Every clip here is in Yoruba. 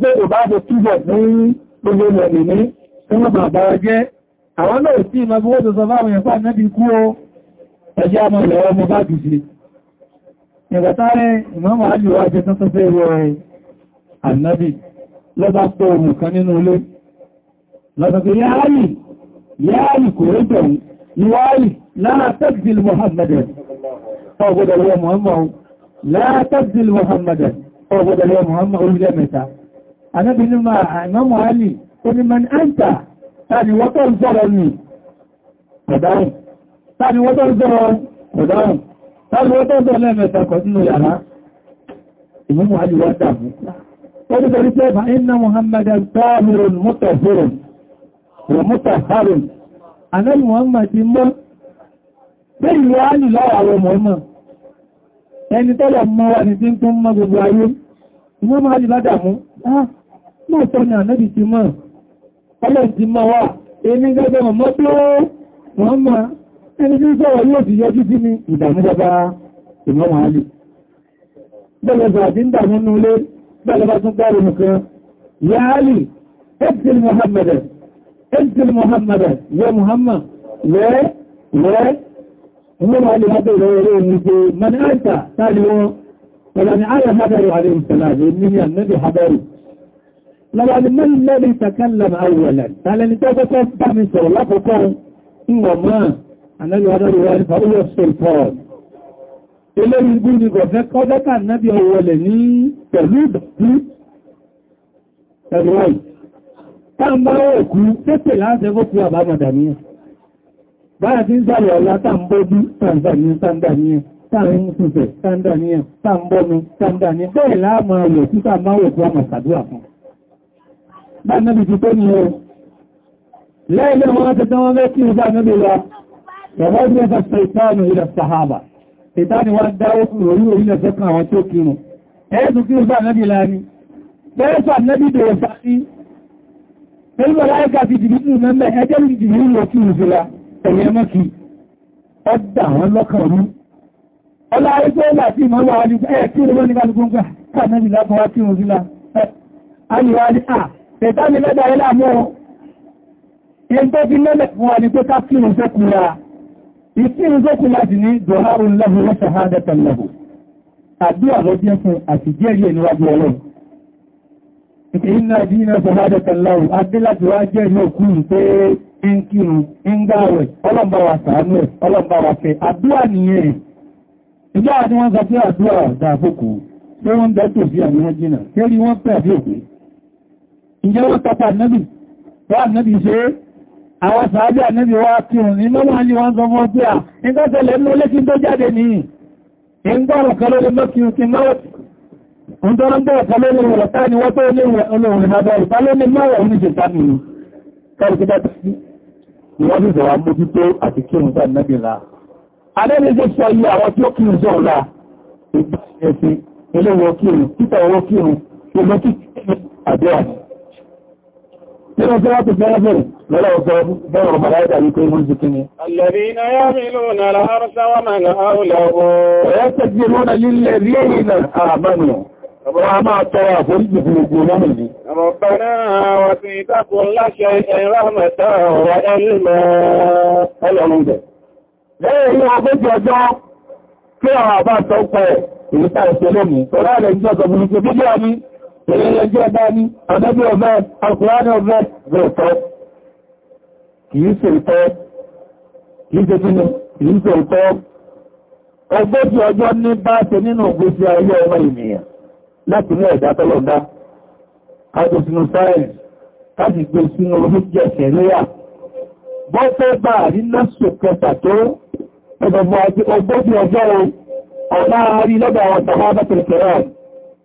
pé kò bá jẹ túbọ̀ ní gbogbo ilẹ̀ ní nínú bàbá jẹ́ àwọn náà tí ma gbogbo tó sọ fáwọn ẹ̀fà nẹ́bí kú o ẹjẹ́ àmọ́ ilẹ̀ ọmọ bá jù sí ìgbàtàrẹ ìmọ́mọ̀ àjúwà jẹ́ tó tó fẹ́ ìwọ̀ ẹ̀ ànábì lọ́bá pọ̀ ohun kan nínú ilé lọ́sọ̀kọ̀ yáàrì Ànábì ní máa àìmọ́mọ̀ Alì, ó ní mẹ́ni ẹ́ntà, tàbí wọ́tọ̀ ń sọ̀rọ̀ ní ọ̀dáhùn. Tàbí wọ́tọ̀ ń sọ̀rọ̀ ọ̀dáhùn. Tàbí wọ́tọ̀ ń sọ̀rọ̀ lẹ́mẹ̀ta kọ̀ sínú yàrá. Ìmọ́mọ̀ Alì wá dàbù. Ó ní sọ̀rọ̀ pé fa iná Muhammadan Tọ́mìrún Mọ́tàfẹ́rún. Rọ̀mọ́tàfẹ́rún. Ànábì Muhammad ti mọ́. Bẹ́ẹ̀ ìlú Alì Ẹni tọ́lọ̀ mọ́ wà ní tí ń tún mọ́ gbogbo ayé. Ìmọ́mọ̀ Alì bá dàmú. Ah! náà sọ ní ànábì ti mọ́ ọlọ́run ti mọ́ wà èmi gẹ́gẹ́ mọ̀ mọ́ tó wọ́n mọ́ ẹni tí sọ̀rọ̀ yóò ti yọjú sí ní ìdàmú bàbá ìmọ̀mọ̀ alì bẹ́lẹ̀ bàbí ń dàmú nú lé bẹ́lẹ̀ bá tún gbáre nìkan ya alì ẹ̀tìl muhammadan ẹ̀tìl muhammadan ya muhammad wẹ́ wẹ́ ìmọ̀mọ̀ alì lábẹ́ ìrọ̀rẹ́ ní pé mani àìsà táàlì wọn ọ̀lànà àyà hábẹ̀rẹ̀ àlẹ́ ìsàlẹ̀ ní ànábì hábẹ̀rẹ̀ lọ́wọ́ ni mọ́ lẹ́rí ìtàkàlàm àwọ̀lẹ̀ tààlẹ́ni tó kọ́kọ́ bá mi sọ̀rọ̀ lápọ̀kọ́ ìwọ̀n máa anẹ́lúwádọ́rọ̀wọ́ ní fàúyọ̀ sọ̀pọ̀n eléyìn bú ni gọ̀fẹ́ kọ́dọ́kà náàbí ọwọ́lẹ̀ ní pẹ̀lú ìdọ̀tí ẹ̀rọ̀wọ̀n tàbí òkú tẹ́tẹ̀ láti ẹgbókú àbámọ̀dàníyàn báyà tí ń sàrẹ̀ ọ̀lá tàbí tàbí tàbí táàrin ìfẹ́ tàbí tàbí tàbí bẹ́ẹ̀ láàmà ọ̀lọ̀ Ànábì ti tó ní ọ. Lẹ́ẹ̀lẹ́ wọn ti tán wọ́n mẹ́kí ìgbà Ànábì lọ, ẹ̀wọ́n ní ẹ̀fà ṣàìtánù ilẹ̀ sàhábà. Ìtàni wá dáwó fún orí orílẹ̀ sọ́kàn àwọn tó kírun. Ẹ̀ẹ́sù kí ìgbà Ànábì láàrí. Bẹ́ẹ̀sù Ànábì dèrò sárí. Pẹ̀lú aláìka ti dìbí nù mẹ́mẹ́ ẹjẹ́ ní dìbí lọ kí ìfìlà ẹ̀yẹ mọ́kí. Ọ dà wọn lọ́kàn mú. Ọlá ẹgbẹ́ ìgbà tí mọ́ wà Tẹ̀tàmì lọ́dà ilá mọ́ ẹn tó fi lọ́lẹ̀ fún wa ní pé ká kí ìrùn sókù ra. Ìkí ìrùn sókù láti ní Dọ̀hárùn lọ́hù lọ́sà ha dẹ́tà lọ́hù. Àdúrà lọ jẹ́ fún àti jẹ́rìí ẹ̀niwájú ọlọ́run. Ìkìyínà dínà sọ̀há dẹ́tà lọ́hù. Adé láti wá jẹ́rìí òkú pé ń kírun, ń Ìjọ́ àti wọ́n sọ pé àdúrà dà fókù. Ṣé wọ́n ń dẹ́tò sí àmì wọn jìnà? Ṣé wọ́n pẹ̀ àbí òkú? ìjẹ́ wọ́n tọ́pọ̀ ànẹ́bì wá ànẹ́bì ṣe àwọn sàájẹ́ ànẹ́bì wá kírùn ní lọ́wọ́ ní wọ́n sọ fún ọdún à nígbà tẹ́lẹ̀ ní olé kí n tó jáde ní ìgbọ́rọ̀ kan lórí mọ́kírùn kí mọ́wọ́ ń tọ́rọ ń bọ̀rọ̀ kan lórí rọ̀ ni wọ́n tó lé olóòrùn ìhàbọ̀ ìta ló ní la alẹ́ni tó sọ iye àwọn tí ó kírùn sọ̀ la ìgbà ẹ̀sìn ilé wọ kírùn nínú tí wọ́n ti fẹ́ bẹ̀rẹ̀ lọ́lọ́ ọ̀sọ̀ bẹ́rọ̀ mọ̀láìdà yìí pé wọ́n jùkí ni. Alẹ́bìnà yá mi lónà láàrùsá wà máa nà áwùlọ́wọ́. Ẹ̀yẹ́ tẹ́jì lónà lílẹ̀ rí èyí na àbánu. wà sí ìtàkùn láṣẹ ìrọ̀mẹ̀ta ọ̀rọ̀ ẹlùmọ̀ ọlọ́run bẹ̀. Lẹ́yìn ní ọgbẹ́jì ọjọ́ kí àwọn àbá tọ́pẹ̀ ìrítà ìṣẹ́lẹ̀ ẹ̀rẹ́lẹ́jẹ́ ọba ní ọ̀dẹ́bí ọjọ́ ní bá ṣe nínú ògbésí ayé ọmọ ènìyàn láti ní ẹ̀dá tọ́lọ́dá kájọ sínú sáyẹ̀nsì kájì gbé sínú olóòjẹ́ sẹ̀ríyà bọ́fẹ́ bá rí lọ́sù kẹta tó ọjọ́ ọ̀lá rí àwọn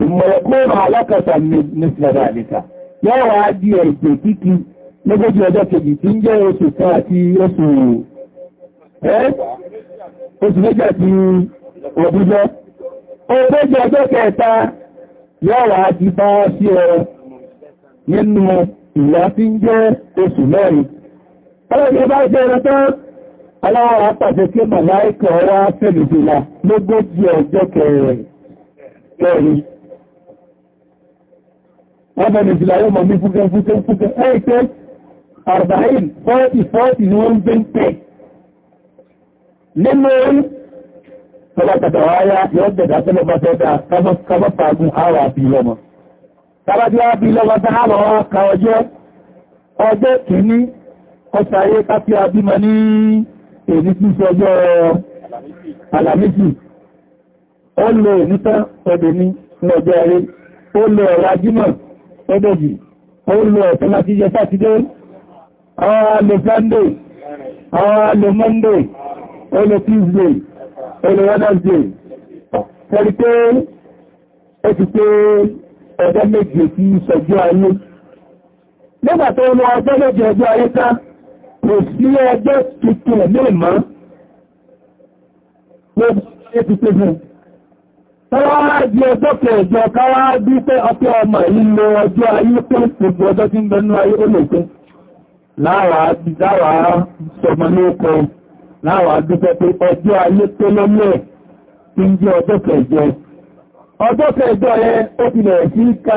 ìmọ̀lẹ̀kún alákàtà nípa àdìkà yọ́wọ́ á di ẹ̀gbẹ̀ kíkí lógójì ọjọ́ kejì tí ń jẹ́ oṣù kan àti oṣù oṣù méjì àti ọdúnjọ́ ogójì ọjọ́ kẹta yọ́wọ́ á di bá sí ọ nínú ìlà tí ń jẹ́ oṣù mẹ́rin ọlọ́gbẹ́ bá jẹ́ ẹran tán aláwọ̀ apàṣẹ kí màláìkọ̀ wá fẹ́lùfẹ́lá lógójì ọjọ́ kẹrin wọ́n bẹ̀rẹ̀ ìjìlá yóò mọ̀ ní fúnkẹ́ fúnkẹ́ fúnkẹ́ ẹ̀ẹ́kẹ́ àrùbáyìn fọ́ọ̀tì fọ́ọ̀tì ni wọ́n gbé ń tẹ̀ nínú orí tọ́lá tàtàwáyá yóò ó lè nítán ọdẹ ní ọjọ́ eré ó lè ọ̀rọ̀ ajímọ̀ ẹgbẹ̀jì àwọn olùlọ ẹ̀tọ́ láti jẹ sátidé àwọn alò sunday àwọn alò monday olè tuesday olè wednesday tẹ́lì pé ó ti pé ọjọ́ méje tí sọjọ́ ayé nígbà tó lọ ọjọ́ méje ọjọ́ ayé ká kò sí ọjọ́ tuntun ẹ̀mí ìmọ̀ ló ti pé fún un Tọ́wọ́ di ọjọ́ kẹjọ káwá bí pé ọpẹ́ ọmọ ìlò ọjọ́ ayé pé gbogbo ọjọ́ tí ń bẹnú ayé ó lè pé. Láwàá bí dáwàá sọmọ ní oko, láwàá bí pé pé ọjọ́ ayé pé lọ́lẹ̀ tí ń jẹ́ ọjọ́ kẹjọ. Ọjọ́ kẹjọ yẹ ó ti lẹ̀ sí ka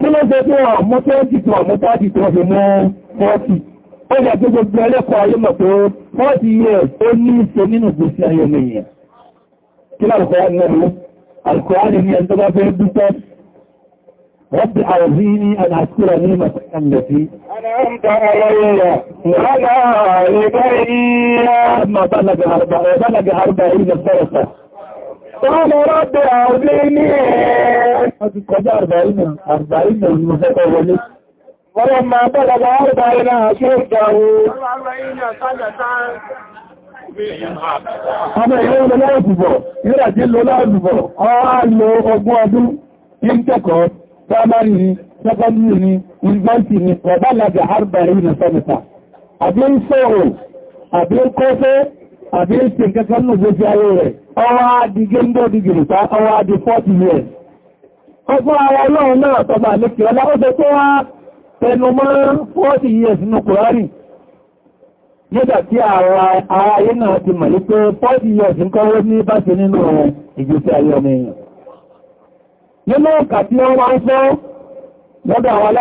kí ló ṣe pé wọ́n mú 20 tó mú 30 tó fi mú 40 ó yẹ kí gbogbo ẹlẹ́kọ̀ọ́ ayé mọ̀ pé 40 years ó ní ìṣe nínú ìgbésí ayé ènìyàn kí lálùkọ́ wá nínú alkùnrin ní ẹni tó bá fẹ́ dúpẹ́ رب أعزيني أن أذكر نعمة التي أنعمت علي وعلى والدي لما بلغ أربعين فرصة Ọmọ rọ́bẹ̀ àwọn ilé ẹ̀. Wọ́n ti kọjá àrùbáyìnà, àrùbáyìnà ni mo fẹ́ kọ wọlé. Wọ́n máa bọ́lọ̀ bá àrùbáyìnà àti ìgbàwó. Ọmọ ìlú lọ láàrùbọ̀, ìrà jí lọ láàrùbọ̀, ọwá lo ọgbọ́n ọdún, ní kẹ́kọ̀ọ́, primary ni, secondary ni, university ni, ọ̀bá lábẹ̀ àrùbáyìnà sọ́mẹ́ta. Àbí ń sọ̀rọ̀, àbí ń kọ́fẹ́, àbí èsì kankan nù gbogbo ayé rẹ̀ ọwá di géńdó di gìrìta ọwá di 40 years ọgbọ́n ara ọlọ́run náà tọba lékè ọlá ó tó wá tẹnu mọ́ 40 years nínú kòrárì nígbà tí àwọn ayé náà ti mọ̀ years ń kọ́wọ́ ní báṣe nínú ìgbésí ayé ọmọ èèyàn nínú tí wọ́n wá ń fọ́ lọ́dọ̀ àwọn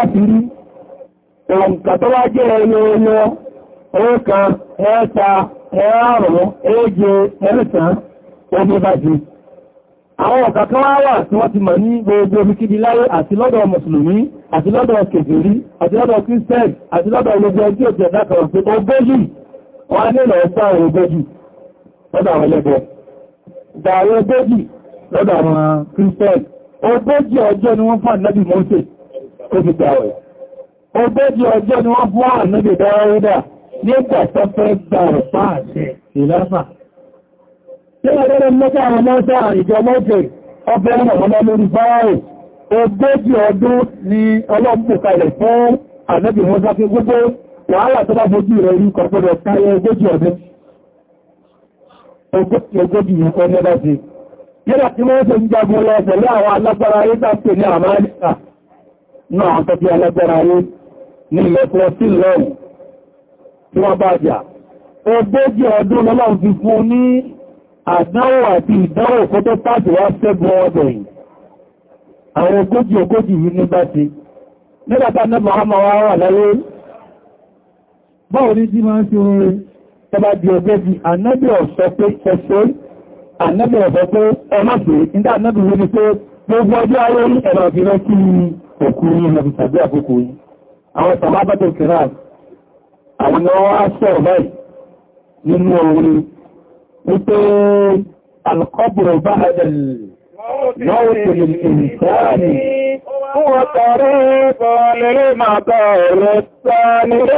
tó ẹ̀rọ ẹ̀ẹ́jẹ ẹ̀rẹ́sàn omi bájú. Àwọn ọ̀kà kan wá wà tí wọ́n ti mọ̀ ní gbogbo omikidi láyé àti lọ́dọ̀ Mùsùlùmí, àti lọ́dọ̀ Kèfèrí, àti lọ́dọ̀ Kírísítẹ́n, àti lọ́dọ̀ ológun ọjọ́ òjò ẹ̀dá kan pé ogójì wọ́n á nílọ̀ ọgbà ogójì lọ́dọ̀ àwọn ẹlẹ́gbẹ́. Dàrí ogójì lọ́dọ̀ àwọn Kírísítẹ́n, ogójì ọjọ́ ni wọ́n fún ànábì Mọ́sẹ̀, ó fi gbà wẹ̀. Ogójì ọjọ́ ni wọ́n fún ànábì Dáwọ́dà, nígbà tó fẹ́ gba ọ̀pá àṣẹ ìlàfà. Tí wọ́n tẹ́lẹ̀ mọ́ta àwọn mọ́ta ìjọ mọ́jẹ̀ ọbẹ̀ ọmọ lórí báyìí, ogójì ọdún ni ọlọ́pù kalẹ̀ fún ànẹ́bì mọ́ta kí gbogbo wàhálà tó bá fojú rẹ̀ rí kọ̀gbọ́dọ̀ káyẹ ogójì ọdún. Ogójì ọkọ̀ ní ọdá sí. Yẹ́nà tí wọ́n ṣe ń jagun lọ pẹ̀lú àwọn alágbára ayé tá pè ní àmáríkà náà àtọ́jú alágbára ayé ní ilẹ̀ Fọ́sí lọ́wọ́ tí wọ́n bá jà ogójì ọdún lọ́lọ́run ti fún ní àdánwò àti ìdánwò kó tó pàtì wá sẹ́gun ọdọ̀ yìí àwọn ogójì ogójì yìí ní bá ti nígbàtà náà mahama wá wà láyé báwo ní tí máa ń ṣe orin tọba di ogójì ànábì ọ̀sọ́ pé ẹ̀ṣẹ́ ni pé gbogbo ọjọ́ ayé ẹ̀rọ ìfẹ́ kí àwọn wá sọ̀rọ̀ báyìí nínú orin wípé alkọ́bùrù bá ẹ̀dẹ̀lì lọ́wọ́ tó lè ìrìsáàni Wọ́n tọrẹ ìfọ̀lẹ́lẹ́ máa tọrẹ sáàni. Ilé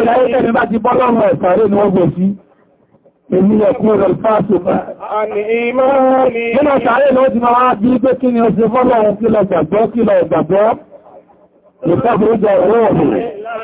ìlàíṣẹ́ ni bá ti bọ́ lọ́rùn ẹ̀sàrẹ́ ni wọ́n gbò sí. Èmi ẹ̀kún rẹ̀ fásitì bá. Àni ni. Nínú ṣàárẹ̀ ni ó ti máa wá bí pé kí ni ó ṣe fọ́lọ́run kí lọ gbàgbọ́ kí lọ gbàgbọ́. Ìfẹ́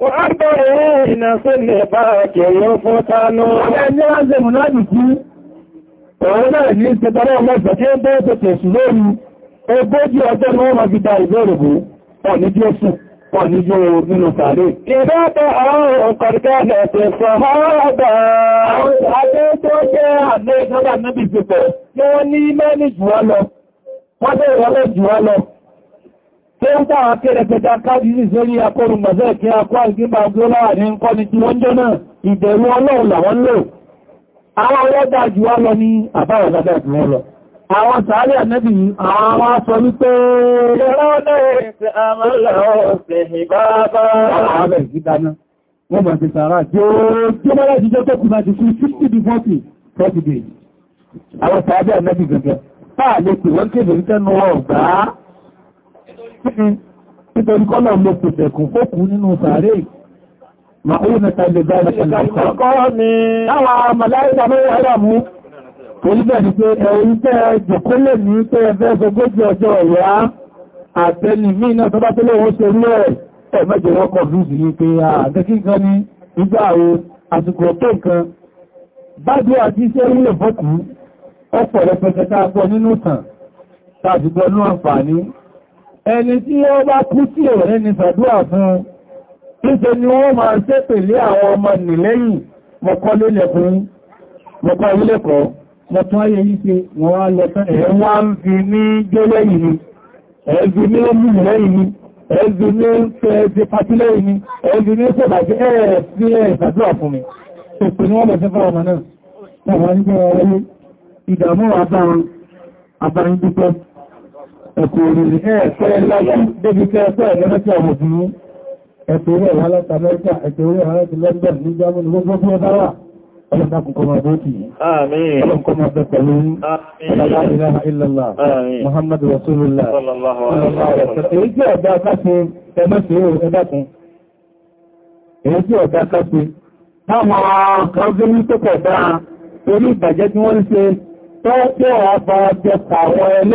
Ọ̀pọ̀rẹ̀ ìnà sí lè bá kèrè fún tánú. Ẹni wá ṣe mú láti kú, ọ̀rọ̀ náà ní ṣe tọ́rọ mẹ́sàn tí ndị bẹ́ẹ̀ tó tẹ̀sù lórí ogójì ebe ni wọ́n máa fi da ìgbèrègbò pọ̀ ní àwọn tó ń tàà kẹ́rẹ̀kẹta káàdìsì sórí akọrùn gbàzẹ́ kí a kó àgbébà gbóláwà ní nǹkan ni tí wọ́n jọ náà ìbẹ̀rù ọlọ́run làwọn lò àwọn ọlọ́dà jù wá lọ ní àbáwọn dada jù wọ́n lọ àwọn sàárì ànẹ́bì àwọn aṣọ wípé Àwọn sàábẹ́ àmẹ́bì gẹ̀gẹ̀, táà lè pè wọ́n kébèrè tẹ́nu ọ̀gbàá nítorí kọ́lọ̀ mo pèsè kún fókún nínú sàárè màáyínà tàbí báyìí àtẹni mí náà tọ́bá tó lóòwò ṣe rí ẹ̀ ẹ̀mẹ́jẹ̀ wọ́n kọ̀ lúùsì ní pé àtẹ́kí nǹkan ní ìgbà àwọn àsìkò tó nǹkan bá bí àti iṣẹ́ ilẹ̀ fọ́kù ọ̀pọ̀ rẹpẹtẹ káàkọ́ nínú tàn tàbí gbọ́nú àǹfààní ẹni tí ó bá kú tí ò ni sàdúrà fún ìṣẹ́ ni wọ́n máa ṣe pèlé àwọn ọmọ nìlẹ́yìn mọ̀kọ́ lólẹ̀ fún mọ̀kọ́ ilẹ́kọ̀ọ́ mọ̀tún ayé yìí ṣe wọ́n á lọ tán ẹ̀ wá ń fi ní gbélẹ́yìn ni ẹ̀ẹ́gbì ní mú ẹ̀kọ́ orílẹ̀ ẹ̀ẹ́fẹ́ láyé débi kẹfẹ́ ẹ̀lẹ́fẹ́ ọmọdún ẹ̀kọ́ orí ọ̀há láti Amẹ́ríkà ẹ̀kọ́ orí ọ̀há láti London ní Germany gbogbo fún ọdá wà ọlọ́dàkùn kọmọ àbókì ọlọ́kọmọ bẹ pẹ̀lú la ilaha illallah Muhammadu Rasulullah èyí tí ọ̀dá káṣe ẹmẹ́sẹ̀ ẹ̀dàkùn èyí tí ọ̀dá káṣe táwọn kan gbé ní tó kọ̀dá torí ìbàjẹ́ tí wọ́n ń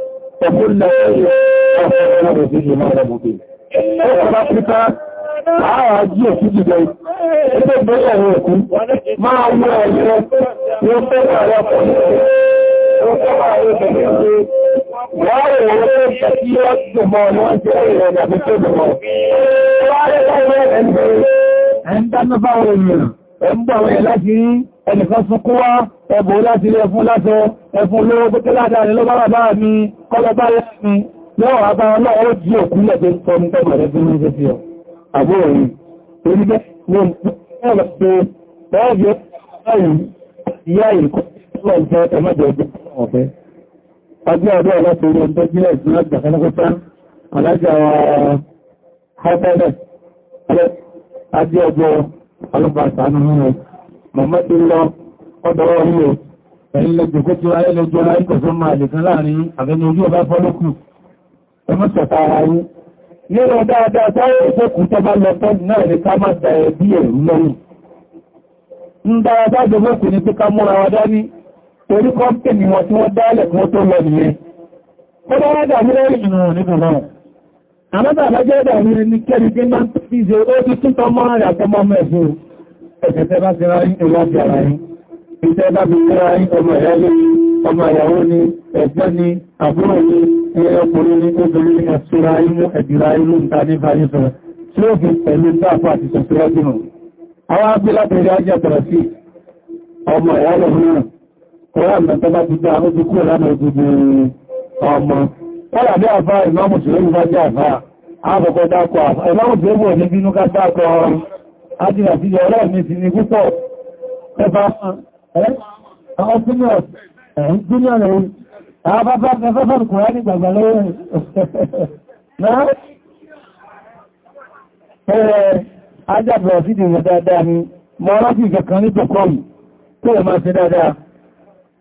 وكل شيء أخبر به ما لم ẹnìkan fún kúwá ẹbò láti ilé ẹfún látọ ẹfún lówó pẹ́kẹ́ láàrin ló bára bá mi kọ́lọ bá yá mi lọ́wọ́ àbá ọlọ́wọ́ jí òkú lẹ́gbẹ́ sọ ní pẹ́gbẹ̀ rẹ̀ fún oúnjẹ sí ọ àbúrò yìí torí bẹ́ẹ̀ ní ọ̀rọ̀ pé bọ́ọ̀bì báyìí ìyá ìkọ́ ọ̀fẹ́ ẹ̀mọ́jọ ọ̀fẹ́ ọjọ́ ọdọ́ ọlọ́pẹ́ orí ọjọ́ jílẹ̀ ìsinmi ọjọ́ kanákọ́tá alájà ọ̀hátẹ́lẹ̀ àti ọjọ́ ọlọ́pàá sàánú nínú mọ̀mọ́ ti lọ ọdọ̀wọ́ ilé ẹ̀yìn lè jòkó tí ayé lè jọra ìkọ̀sọ́ máa lè kan láàrin àbẹni ojú ọba fọ́lókù ẹmọ́ sọ̀tà ara yí nínú dáadáa táyé ìfẹ́kù tó bá lọ tọ́jú náà ní ká máa tẹ̀ bí ẹ̀rù lọ́rùn ń dára bá jọmọ́kù ní pé ká múra wa dání torí kọ́mpìnì wọn tí wọ́n dálẹ̀ kí wọ́n tó lọ nìyẹn ó bá rádà ní lẹ́yìn ìrìnrìn nínú náà àmọ́bà bá jẹ́ dàmí ní kẹ́rin gbé máa ń pèsè ó ti tún tọ́ mọ́ra àtọmọ́ mẹ́fún ẹ̀sẹ̀ tẹ́ bá ti ra yí ẹ̀wọ́ ti ara yí ìtẹ́ bá ti ra yí ọmọ ẹ̀yà lé ọmọ ìyàwó ni ẹ̀gbọ́n ni àbúrò ni ọkùnrin ni obìnrin ni ẹ̀sọ́ra yí mú ẹ̀dìra yí ló ń ta ní báyé sọ tí ó fi pẹ̀lú dáàfà àti sọ̀sọ́rọ́ jùlọ àwọn abí láti rí ajé àtọ̀rọ̀ sí ọmọ ìyá lọ fún náà ọ̀rọ̀ àmì ajínàtíjẹ ọlọ́run ní ti ní púpọ̀ ẹfà àwọn senior ẹ̀yìn junior rẹ̀ àwọn bàbá ẹfẹ́fẹ́ kùnrà ní gbàgbà lọ́wọ́ náà ẹ̀rẹ̀ ajábẹ̀rẹ̀ sí ti rẹ̀ dáadáa ni mọ́ rántí ìkẹ̀kan ní pẹ̀kọ́mù tó rẹ̀ máa ṣe dáadáa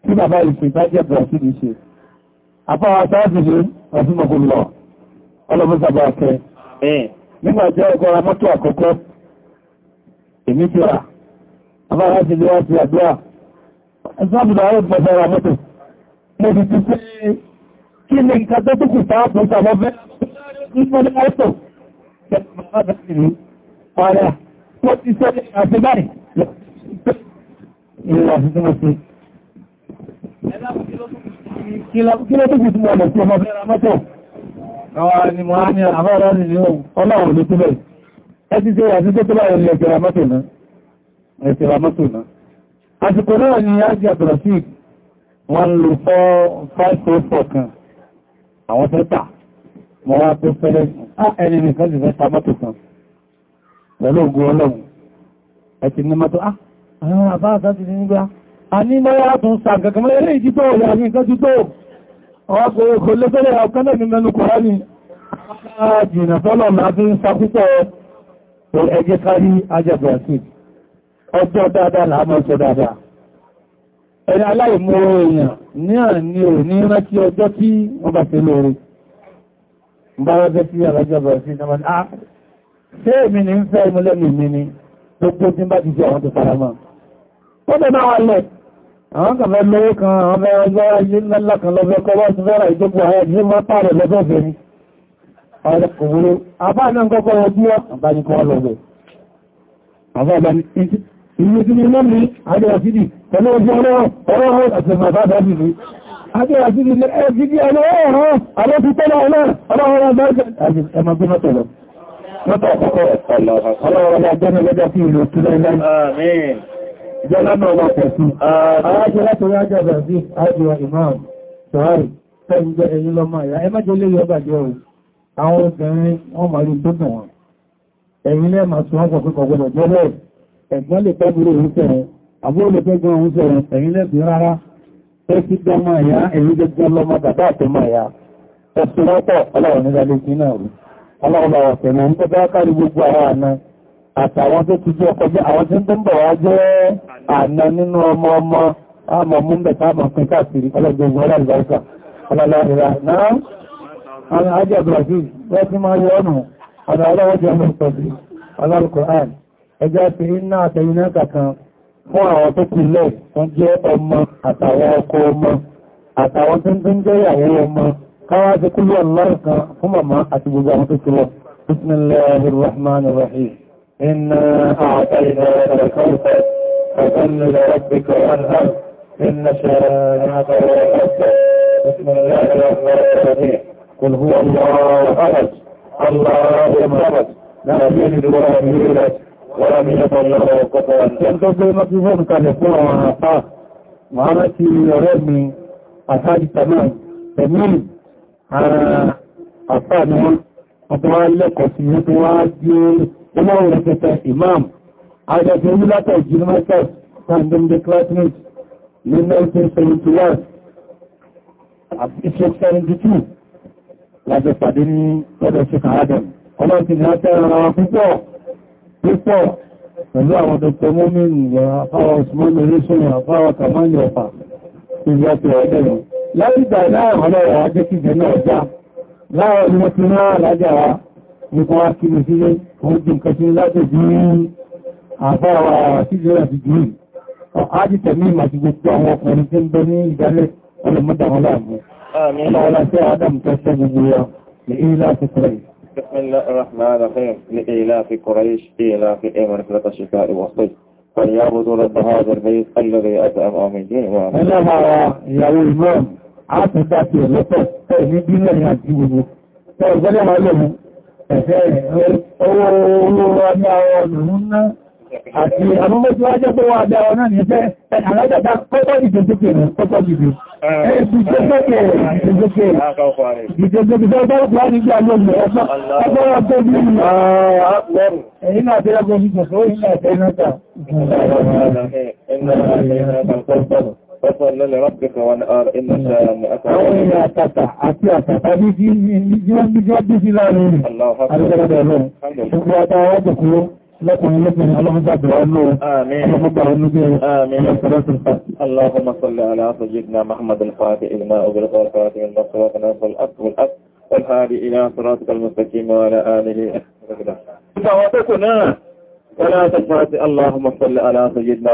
tí bàbá ìṣẹ́ ìbájẹ́bẹ̀rẹ̀ sí ti ṣe àpáwà sáàfìṣe ọ̀fún mọ̀kúnlọ̀ ọlọ́mọ́sàbà ọ̀kẹ́ nígbàjẹ́ ọgọ́ra mọ́tò àkọ́kọ́ èmi ti rà àbá láti lé wá sí àdúrà ìsáàbùdà ọ̀rọ̀ pẹ̀sẹ̀ ra mọ́tò mo ti ti pé kí ni nǹkan tó kù sáà fún ìsàmọ́ fẹ́ ìfọ́lẹ́ mọ́tò Ọ̀rẹ́ ó ti sọ́lé àti báyìí ìrìnlẹ̀ àti tí mo ṣe. Kí ló tó kù tí mo lọ sí ọmọ fẹ́ ra mọ́tò? Àwọn ni mo á ní àbára ní ẹ̀sì tí wà ní tó tó bá ilẹ̀ ẹ̀kẹ̀rà mọ́tò náà ẹ̀kẹ̀rà mọ́tò àsìkò náà ni ájí àtàràsí wọ́n lò fọ́ 504 kan àwọn tẹ́ta mọ́ wá tó fẹ́lẹ̀ ẹni nìkan sì fẹ́ ta mọ́tò kan pẹ̀lú ogun ọlọ́run ẹ̀kì ní mọ́tò àwọn àbá àtàtì nígbà a ní mọ́wá tún sàgàgàmọ́ eré ìdítọ́ ìyá ní nǹkan ti tó ọkùnrin kò lé fẹ́lẹ̀ ọkàn náà ní mẹ́nu kọ̀ọ́ fọ́lọ̀ máa fi ń sa púpọ̀ pé ẹjẹ́ kárí ajẹ́bọ̀ sí ọjọ́ dáadáa láàmọ́ sọ dáadáa ẹni aláìmọ̀rọ̀ èèyàn ní àní ò ní rántí ọjọ́ tí wọ́n bá tẹ́lẹ̀ orí bá rọ́jẹ́ sí alájọ́bọ̀ sí náà ní ní ń ni gbogbo tí bá ti jẹ́ àwọn tó fara mọ́ ó bẹ̀ máa wà lẹ̀ àwọn kan fẹ́ lówó kan àwọn fẹ́ ọjọ́ ayé ńlá kan lọ́fẹ́ kọ́ wọ́n ti fẹ́ra ọ̀rẹ́kùnrin àbá náà gọ́gọ́ ọdún àbájíkọ́ ọlọ́gbẹ̀ àbá ìbá ilé tí ní mọ́ ní adéwàsídì pẹ̀lú ọjọ́ ọlọ́rọ̀ ọlọ́rọ̀ àtẹ̀fà bá dábì ní adéwàsídì ní ẹgbìdì ọlọ́rọ̀ alẹ́fipẹ́lá ọlọ́rọ̀ ọlọ́rọ̀ ọlọ́rọ̀ ẹmọgbé mọ́tọ̀ lọ mọ́tọ̀ ọkọ̀ ọlọ́rọ̀ ọlọ́rọ̀ ọjọ́ sí ìlú túnlẹ̀ lẹ́nu ìjọba náà wà pẹ̀ sí arájọ́ láti rí ajọ́ bẹ̀rẹ̀ sí ajọ́ ìmáà sọ̀rọ̀ tẹ́ àwọn obìnrin wọ́n máa rí tó dùn wọn ẹ̀yìn lẹ́ máa tún wọ́n sọ pé kọ̀gbọ́dọ̀ jẹ́ bẹ́ẹ̀ ẹ̀gbọ́n lè tẹ́gbùrú òun sẹ̀rẹ̀ àbúrò lè tẹ́gbùrú òun sẹ̀rẹ̀ ẹ̀yìn lẹ́bí rárá ẹ ti ya ẹ̀yà ẹ̀yìn gbogbo jẹ́ àwọn ajé brazil wọ́n tí máa yọ ọ̀nà ọ̀nà ọlọ́wọ́jẹ́ ọmọ ìpọ̀sí alárùkọ̀án ẹjá ti iná àtẹ̀yìnà kàkan fún àwọn tó kù lẹ̀ wọ́n jẹ́ ọmọ àtàwọn ọkọ ọmọ àtàwọn tí ń jẹ́ ìyàwó ọmọ káwàá ti kúlù ọlọ́rùkan fún màmá àti gbogbo àwọn tó ti lọ bismillahir rahmanir rahim inna a'tayna al-kawthar fasalli li قل هو الله أحد الله الصمد لم يلد ولم يولد ولم يكن له كفوا أحد gbogbo ọmọ fún kalẹ̀ fún àwọn àpá màá ti ọ̀rẹ́ mi àtàrí tàmà ẹ̀mí àpá ni wọ́n tó wá lẹ́kọ̀ọ́ sí ní tó wá jẹ́ ọmọrùn rẹpẹtẹ imam ajẹ́jẹ́ orílẹ̀-èdè university sandom the classmate ní 1971 àti 1972 lábẹ́ pàdé ní ọdọ̀ ṣe kàádọ̀. ọlọ́run ti náà tẹ́ ara púpọ̀ púpọ̀ pẹ̀lú àwọn dr momin àfáwà osman orísun àfáwà kamani ọ̀fà tí wọ́n ti ọ̀dẹ̀ rẹ̀ láìgbà láàrín ọlọ́rọ̀ ajé kí jẹ náà já láàrín ni wọ́n ti náà lájà wá nípa wá kí ní sílé wọ́n jí nǹkan sí láti jú àfáwà síjọ́rà ti jú ájítẹ̀mí ìmàtí gbogbo àwọn ọkùnrin tí ń bẹ ní ìdálẹ̀ ọlọ́mọdà wọn آمين ولا تعلم تسمية لإيلاف قريش بسم الله الرحمن الرحيم لإيلاف قريش في إمرة الشتاء والصيف فليعبدوا رب هذا البيت الذي أتأم طيب، من دين وأنا يعلمون عاطف ذاتي لطف تأمين دين الله يجيبه فأولي عليهم فأولي عليهم àti àmúgbójú wájé pé wà dá ọ̀nà ní fẹ́ alájàdá kọ́kọ́ ìjọdókè rẹ̀ kọ́kọ́ dìde ìjọdókè rẹ̀ ìjọdókè rẹ̀ ìjọdókè rẹ̀ ọgbọ́rọ̀ pọ̀ nígbà lóògbé ọgbọ́rọ̀ tó bí i ẹ̀yìn náà tẹ́lẹ̀ gbọ́n ní ìjọdókè rẹ̀ ẹ̀yìn náà tẹ́lẹ̀ Ọ̀pọ̀lọ́lẹ̀ rọ́pùpù wọn ọ̀rọ̀ inú ṣe àmì àkàrà. Àwọn ènìyàn àtàtà àti àtàtà bí i ní ọdún sí láàrin. Àlọ́ ọ̀fà. Àlọ́ ọ̀fà. Ṣùgbọ́n àtàwọn ọ̀pọ̀ kúrò. لكن لكن اللهم آمين آمين اللهم صل على سيدنا محمد الفاتح لما أغلق فاتح المصر ناصر الأكل والأكل والهادي إلى صراطك المستقيم وعلى آله سواتكنا ولا تشفاتي اللهم صل على سيدنا